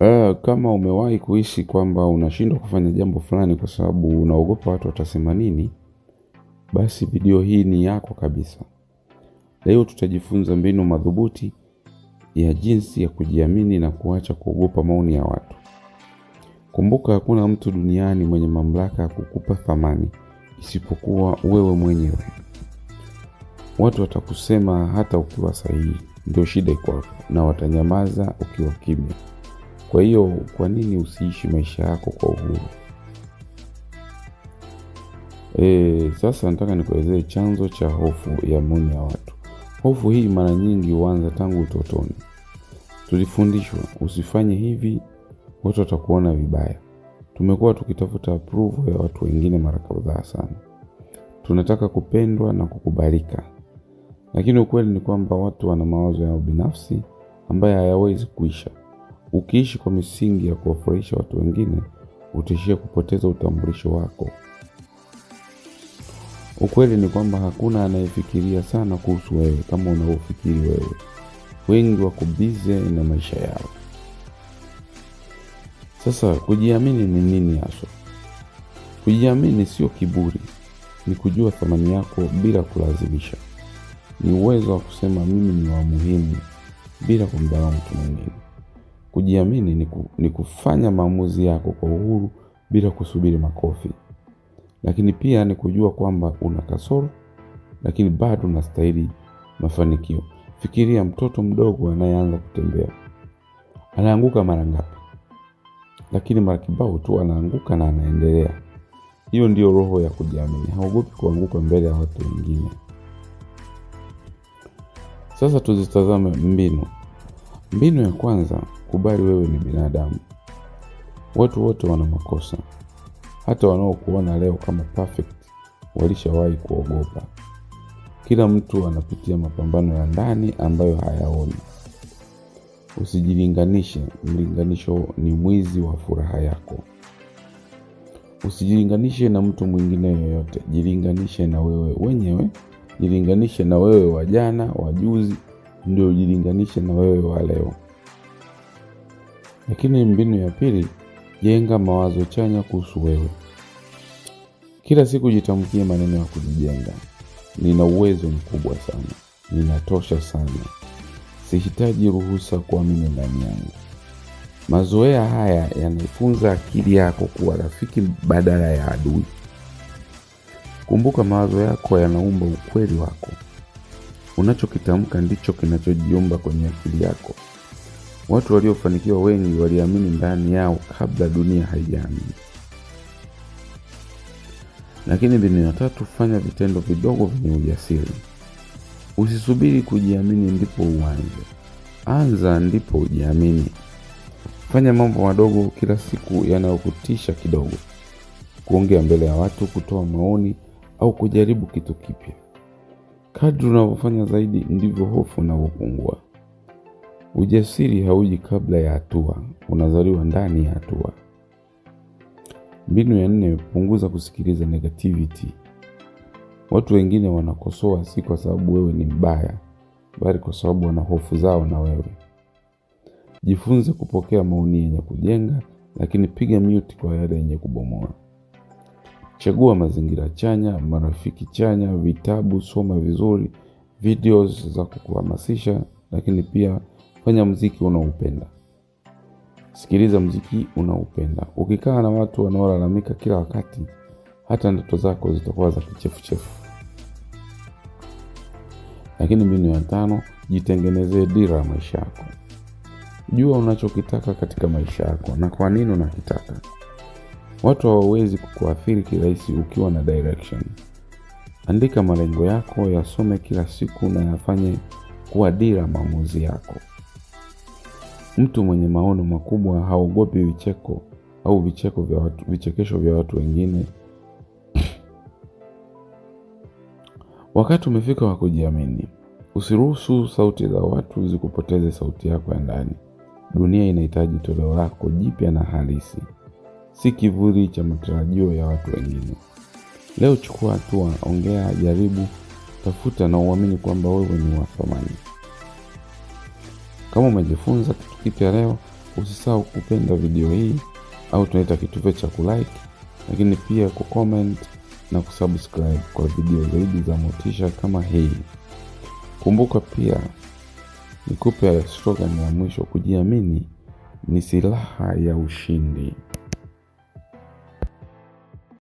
Eh, kama umewahi kuhisi kwamba unashindwa kufanya jambo fulani kwa sababu unaogopa watu watasema nini, basi video hii ni yako kabisa. Leo tutajifunza mbinu madhubuti ya jinsi ya kujiamini na kuacha kuogopa maoni ya watu. Kumbuka, hakuna mtu duniani mwenye mamlaka ya kukupa thamani isipokuwa wewe mwenyewe. Watu watakusema hata ukiwa sahihi, ndio shida iko hapo, na watanyamaza ukiwa kimya. Kwa hiyo kwa nini usiishi maisha yako kwa uhuru? E, sasa nataka nikuelezee chanzo cha hofu ya maoni ya watu. Hofu hii mara nyingi huanza tangu utotoni. Tulifundishwa usifanye hivi, watu watakuona vibaya. Tumekuwa tukitafuta approval ya watu wengine mara kadhaa sana. Tunataka kupendwa na kukubalika, lakini ukweli ni kwamba watu wana mawazo yao binafsi ambayo hayawezi kuisha. Ukiishi kwa misingi ya kuwafurahisha watu wengine, utaishia kupoteza utambulisho wako. Ukweli ni kwamba hakuna anayefikiria sana kuhusu wewe kama unavyofikiri wewe. Wengi wako bize na maisha yao. Sasa kujiamini ni nini haswa? Kujiamini sio kiburi, ni kujua thamani yako bila kulazimisha. Ni uwezo wa kusema mimi ni wa muhimu bila kumdharau mtu mwingine. Kujiamini ni kufanya maamuzi yako kwa uhuru bila kusubiri makofi, lakini pia ni kujua kwamba una kasoro, lakini bado unastahili mafanikio. Fikiria mtoto mdogo anayeanza kutembea, anaanguka mara ngapi? Lakini mara kibao tu anaanguka na anaendelea. Hiyo ndiyo roho ya kujiamini, haogopi kuanguka mbele ya watu wengine. Sasa tuzitazame mbinu. Mbinu ya kwanza kubali wewe ni binadamu. Watu wote wana makosa, hata wanaokuona leo kama perfect walishawahi kuogopa. Kila mtu anapitia mapambano ya ndani ambayo hayaoni. Usijilinganishe, mlinganisho ni mwizi wa furaha yako. Usijilinganishe na mtu mwingine yoyote, jilinganishe na wewe wenyewe, jilinganishe na wewe wa jana, wa juzi, ndio ujilinganishe na wewe wa leo. Lakini mbinu ya pili, jenga mawazo chanya kuhusu wewe. Kila siku jitamkie maneno ya kujijenga: nina uwezo mkubwa sana, ninatosha sana, sihitaji ruhusa kuamini ndani yangu. Mazoea haya yanaifunza akili yako kuwa rafiki badala ya adui. Kumbuka, mawazo yako yanaumba ukweli wako. Unachokitamka ndicho kinachojiumba kwenye akili yako. Watu waliofanikiwa wengi waliamini ndani yao kabla dunia haijaamini. Lakini mbinu ya tatu, fanya vitendo vidogo vyenye ujasiri. Usisubiri kujiamini ndipo uanze, anza ndipo ujiamini. Fanya mambo madogo kila siku yanayokutisha kidogo, kuongea mbele ya watu, kutoa maoni au kujaribu kitu kipya. Kadri unavyofanya zaidi, ndivyo hofu inavyopungua. Ujasiri hauji kabla ya hatua, unazaliwa ndani ya hatua. Mbinu ya nne, punguza kusikiliza negativity. Watu wengine wanakosoa si kwa sababu wewe ni mbaya, bali kwa sababu wana hofu zao na wewe. Jifunze kupokea maoni yenye kujenga, lakini piga mute kwa yale yenye kubomoa. Chagua mazingira chanya, marafiki chanya, vitabu soma vizuri, videos za kukuhamasisha, lakini pia fanya mziki unaoupenda, sikiliza mziki unaoupenda. Ukikaa na watu wanaolalamika kila wakati, hata ndoto zako zitakuwa za kichefuchefu. Lakini mbinu ya tano, jitengenezee dira ya maisha yako. Jua unachokitaka katika maisha yako na kwa nini unakitaka. Watu hawawezi kukuathiri kirahisi ukiwa na direction. Andika malengo yako, yasome kila siku na yafanye kuwa dira maamuzi yako. Mtu mwenye maono makubwa haogopi vicheko au vicheko vya watu, vichekesho vya watu wengine. Wakati umefika wa kujiamini. Usiruhusu sauti za watu zikupoteze sauti yako ya ndani. Dunia inahitaji toleo lako jipya na halisi, si kivuli cha matarajio ya watu wengine. Leo chukua hatua, ongea, jaribu, tafuta na uamini kwamba wewe ni wa thamani. Kama umejifunza kitu kipya leo, usisahau kupenda video hii au tunaita kitufe cha kulike, lakini pia kucomment na kusubscribe kwa video zaidi za motisha kama hii. Kumbuka pia nikupe slogan ya mwisho, kujiamini ni silaha ya ushindi.